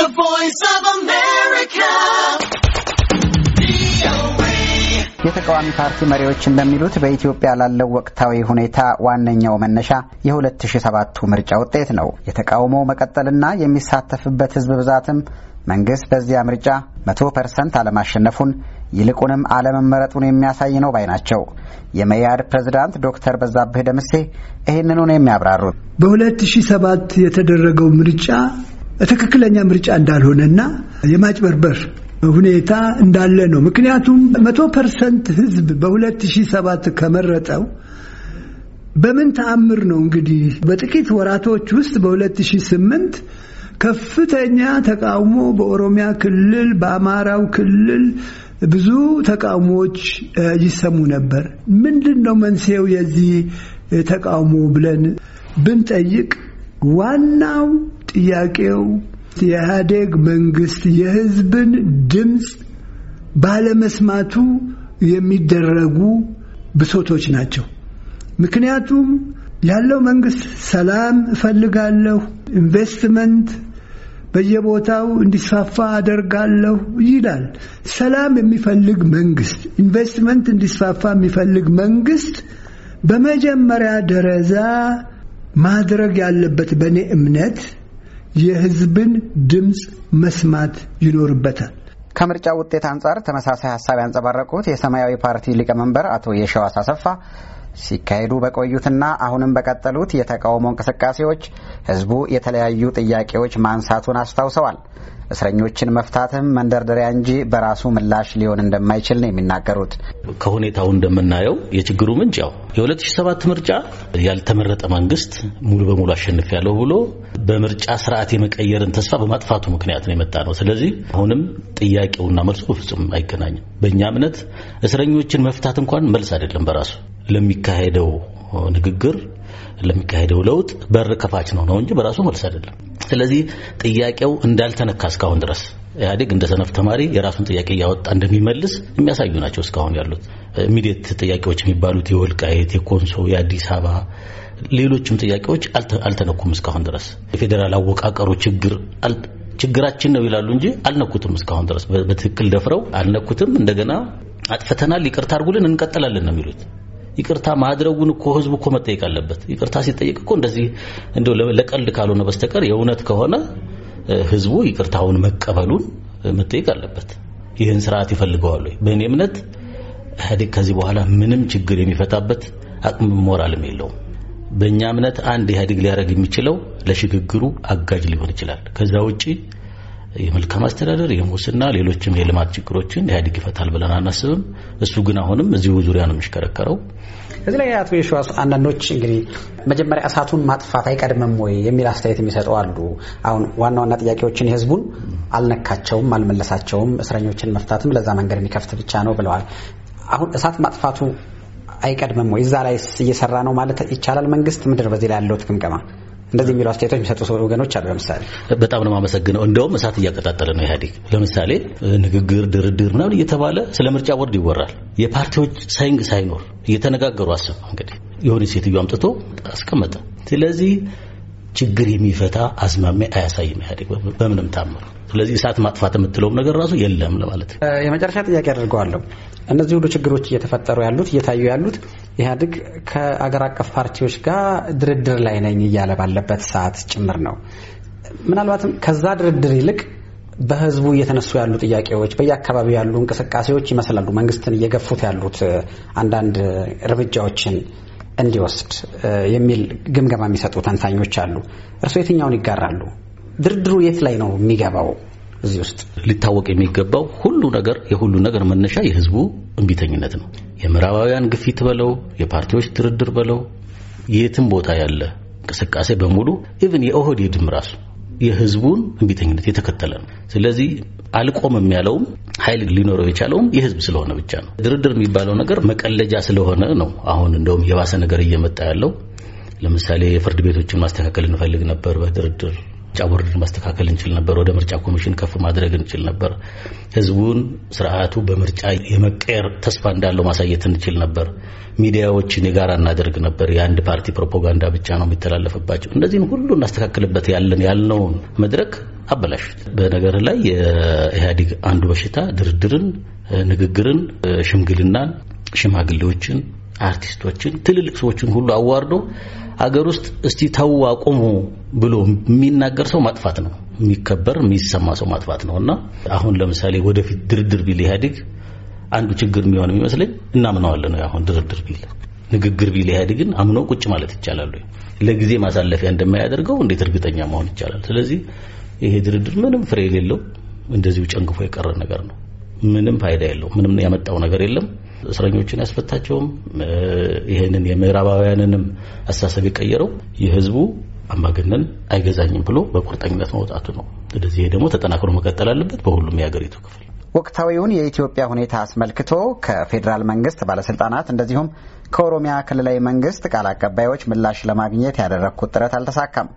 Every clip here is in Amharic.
The Voice of America. የተቃዋሚ ፓርቲ መሪዎች እንደሚሉት በኢትዮጵያ ላለው ወቅታዊ ሁኔታ ዋነኛው መነሻ የ2007ቱ ምርጫ ውጤት ነው። የተቃውሞ መቀጠልና የሚሳተፍበት ህዝብ ብዛትም መንግስት በዚያ ምርጫ መቶ ፐርሰንት አለማሸነፉን ይልቁንም አለመመረጡን የሚያሳይ ነው ባይ ናቸው። የመያድ ፕሬዝዳንት ዶክተር በዛብህ ደምሴ ይህንኑ ነው የሚያብራሩት። በ2007 የተደረገው ምርጫ ትክክለኛ ምርጫ እንዳልሆነና የማጭበርበር ሁኔታ እንዳለ ነው። ምክንያቱም መቶ ፐርሰንት ህዝብ በ2007 ከመረጠው በምን ተአምር ነው እንግዲህ በጥቂት ወራቶች ውስጥ በ2008 ከፍተኛ ተቃውሞ በኦሮሚያ ክልል፣ በአማራው ክልል ብዙ ተቃውሞዎች ይሰሙ ነበር። ምንድን ነው መንስኤው የዚህ ተቃውሞ ብለን ብንጠይቅ ዋናው ጥያቄው የኢህአዴግ መንግስት የህዝብን ድምፅ ባለመስማቱ የሚደረጉ ብሶቶች ናቸው። ምክንያቱም ያለው መንግስት ሰላም እፈልጋለሁ፣ ኢንቨስትመንት በየቦታው እንዲስፋፋ አደርጋለሁ ይላል። ሰላም የሚፈልግ መንግስት፣ ኢንቨስትመንት እንዲስፋፋ የሚፈልግ መንግስት በመጀመሪያ ደረጃ ማድረግ ያለበት በእኔ እምነት የህዝብን ድምፅ መስማት ይኖርበታል። ከምርጫ ውጤት አንጻር ተመሳሳይ ሀሳብ ያንጸባረቁት የሰማያዊ ፓርቲ ሊቀመንበር አቶ የሸዋስ አሰፋ ሲካሄዱ በቆዩትና አሁንም በቀጠሉት የተቃውሞ እንቅስቃሴዎች ህዝቡ የተለያዩ ጥያቄዎች ማንሳቱን አስታውሰዋል። እስረኞችን መፍታትም መንደርደሪያ እንጂ በራሱ ምላሽ ሊሆን እንደማይችል ነው የሚናገሩት። ከሁኔታው እንደምናየው የችግሩ ምንጭ ያው የ2007 ምርጫ ያልተመረጠ መንግስት ሙሉ በሙሉ አሸንፍ ያለው ብሎ በምርጫ ስርዓት የመቀየርን ተስፋ በማጥፋቱ ምክንያት ነው የመጣ ነው። ስለዚህ አሁንም ጥያቄውና መልሱ በፍጹም አይገናኝም። በእኛ እምነት እስረኞችን መፍታት እንኳን መልስ አይደለም በራሱ ለሚካሄደው ንግግር ለሚካሄደው ለውጥ በር ከፋች ነው ነው እንጂ በራሱ መልስ አይደለም። ስለዚህ ጥያቄው እንዳልተነካ እስካሁን ድረስ ኢህአዴግ እንደ ሰነፍ ተማሪ የራሱን ጥያቄ እያወጣ እንደሚመልስ የሚያሳዩ ናቸው። እስካሁን ያሉት ኢሚዲየት ጥያቄዎች የሚባሉት የወልቃየት፣ የኮንሶ፣ የአዲስ አበባ ሌሎችም ጥያቄዎች አልተነኩም። እስካሁን ድረስ የፌዴራል አወቃቀሩ ችግር ችግራችን ነው ይላሉ እንጂ አልነኩትም። እስካሁን ድረስ በትክክል ደፍረው አልነኩትም። እንደገና አጥፍተናል፣ ይቅርታ አድርጉልን፣ እንቀጥላለን ነው የሚሉት። ይቅርታ ማድረጉን እኮ ህዝቡ እኮ መጠየቅ አለበት። ይቅርታ ሲጠየቅ እኮ እንደዚህ እንደው ለቀልድ ካልሆነ በስተቀር የእውነት ከሆነ ህዝቡ ይቅርታውን መቀበሉን መጠየቅ አለበት። ይህን ስርዓት ይፈልገዋል ወይ? በእኔ እምነት ኢህአዴግ ከዚህ በኋላ ምንም ችግር የሚፈታበት አቅም ሞራልም የለውም። በእኛ እምነት አንድ ኢህአዴግ ሊያደርግ የሚችለው ለሽግግሩ አጋጅ ሊሆን ይችላል። ከዛ ውጪ የመልካም አስተዳደር፣ የሙስና ሌሎችም የልማት ችግሮችን ኢህአዴግ ይፈታል ብለን አናስብም። እሱ ግን አሁንም እዚሁ ዙሪያ ነው የሚሽከረከረው። እዚህ ላይ አቶ የሸዋስ አንዳንዶች እንግዲህ መጀመሪያ እሳቱን ማጥፋት አይቀድምም ወይ የሚል አስተያየት የሚሰጡ አሉ። አሁን ዋና ዋና ጥያቄዎችን የህዝቡን አልነካቸውም፣ አልመለሳቸውም። እስረኞችን መፍታትም ለዛ መንገድ የሚከፍት ብቻ ነው ብለዋል። አሁን እሳት ማጥፋቱ አይቀድምም ወይ? እዛ ላይ እየሰራ ነው ማለት ይቻላል መንግስት? ምድር በዚህ ላይ ያለውት ግምገማ? እንደዚህ የሚሉ አስተያየቶች የሚሰጡ ወገኖች አሉ። ለምሳሌ በጣም ነው የማመሰግነው። እንደውም እሳት እያቀጣጠለ ነው ኢህአዴግ። ለምሳሌ ንግግር፣ ድርድር ምናምን እየተባለ ስለ ምርጫ ቦርድ ይወራል። የፓርቲዎች ሳይንግ ሳይኖር እየተነጋገሩ አስብ እንግዲህ የሆነ ሴትዮ አምጥቶ አስቀመጠ። ስለዚህ ችግር የሚፈታ አዝማሚያ አያሳይም ኢህአዴግ በምንም ታምር። ስለዚህ እሳት ማጥፋት የምትለውም ነገር ራሱ የለም ለማለት ነው። የመጨረሻ ጥያቄ አድርገዋለሁ። እነዚህ ሁሉ ችግሮች እየተፈጠሩ ያሉት እየታዩ ያሉት ኢህአዴግ ከአገር አቀፍ ፓርቲዎች ጋር ድርድር ላይ ነኝ እያለ ባለበት ሰዓት ጭምር ነው። ምናልባትም ከዛ ድርድር ይልቅ በህዝቡ እየተነሱ ያሉ ጥያቄዎች፣ በየአካባቢው ያሉ እንቅስቃሴዎች ይመስላሉ መንግስትን እየገፉት ያሉት አንዳንድ እርምጃዎችን እንዲወስድ የሚል ግምገማ የሚሰጡ ተንታኞች አሉ። እርስዎ የትኛውን ይጋራሉ? ድርድሩ የት ላይ ነው የሚገባው? እዚህ ውስጥ ሊታወቅ የሚገባው ሁሉ ነገር የሁሉ ነገር መነሻ የህዝቡ እምቢተኝነት ነው። የምዕራባውያን ግፊት በለው የፓርቲዎች ድርድር በለው የትም ቦታ ያለ እንቅስቃሴ በሙሉ ኢቭን የኦህዴድም ራሱ የህዝቡን እንቢተኝነት የተከተለ ነው። ስለዚህ አልቆምም ያለውም ኃይል ሊኖረው የቻለውም የህዝብ ስለሆነ ብቻ ነው። ድርድር የሚባለው ነገር መቀለጃ ስለሆነ ነው። አሁን እንደውም የባሰ ነገር እየመጣ ያለው ለምሳሌ የፍርድ ቤቶችን ማስተካከል እንፈልግ ነበር በድርድር ምርጫ ቦርድን ማስተካከል እንችል ነበር። ወደ ምርጫ ኮሚሽን ከፍ ማድረግ እንችል ነበር። ህዝቡን ስርዓቱ በምርጫ የመቀየር ተስፋ እንዳለው ማሳየት እንችል ነበር። ሚዲያዎችን የጋራ እናደርግ ነበር። የአንድ ፓርቲ ፕሮፓጋንዳ ብቻ ነው የሚተላለፍባቸው። እነዚህን ሁሉ እናስተካክልበት ያለን ያልነውን መድረክ አበላሽ። በነገር ላይ የኢህአዴግ አንዱ በሽታ ድርድርን፣ ንግግርን፣ ሽምግልናን፣ ሽማግሌዎችን አርቲስቶችን ትልልቅ ሰዎችን ሁሉ አዋርዶ አገር ውስጥ እስቲ ተው አቁሙ ብሎ የሚናገር ሰው ማጥፋት ነው። የሚከበር የሚሰማ ሰው ማጥፋት ነው እና አሁን ለምሳሌ ወደፊት ድርድር ቢል ኢህአዴግ አንዱ ችግር የሚሆን የሚመስለኝ እናምነዋለን ነው አሁን ድርድር ቢል ንግግር ቢል ኢህአዴግን አምኖ ቁጭ ማለት ይቻላል ወይ? ለጊዜ ማሳለፊያ እንደማያደርገው እንዴት እርግጠኛ መሆን ይቻላል? ስለዚህ ይሄ ድርድር ምንም ፍሬ የሌለው እንደዚሁ ጨንግፎ የቀረ ነገር ነው። ምንም ፋይዳ የለው። ምንም ያመጣው ነገር የለም። እስረኞችን ያስፈታቸውም ይህንን የምዕራባውያንንም አስተሳሰብ የቀየረው የህዝቡ አምባገነን አይገዛኝም ብሎ በቁርጠኝነት መውጣቱ ነው። ስለዚህ ደግሞ ተጠናክሮ መቀጠል አለበት በሁሉም የሀገሪቱ ክፍል። ወቅታዊውን የኢትዮጵያ ሁኔታ አስመልክቶ ከፌዴራል መንግስት ባለስልጣናት እንደዚሁም ከኦሮሚያ ክልላዊ መንግስት ቃል አቀባዮች ምላሽ ለማግኘት ያደረግኩት ጥረት አልተሳካም።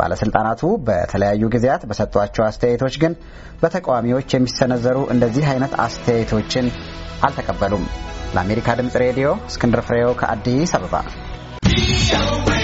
ባለስልጣናቱ በተለያዩ ጊዜያት በሰጧቸው አስተያየቶች ግን በተቃዋሚዎች የሚሰነዘሩ እንደዚህ አይነት አስተያየቶችን አልተቀበሉም። ለአሜሪካ ድምፅ ሬዲዮ እስክንድር ፍሬው ከአዲስ አበባ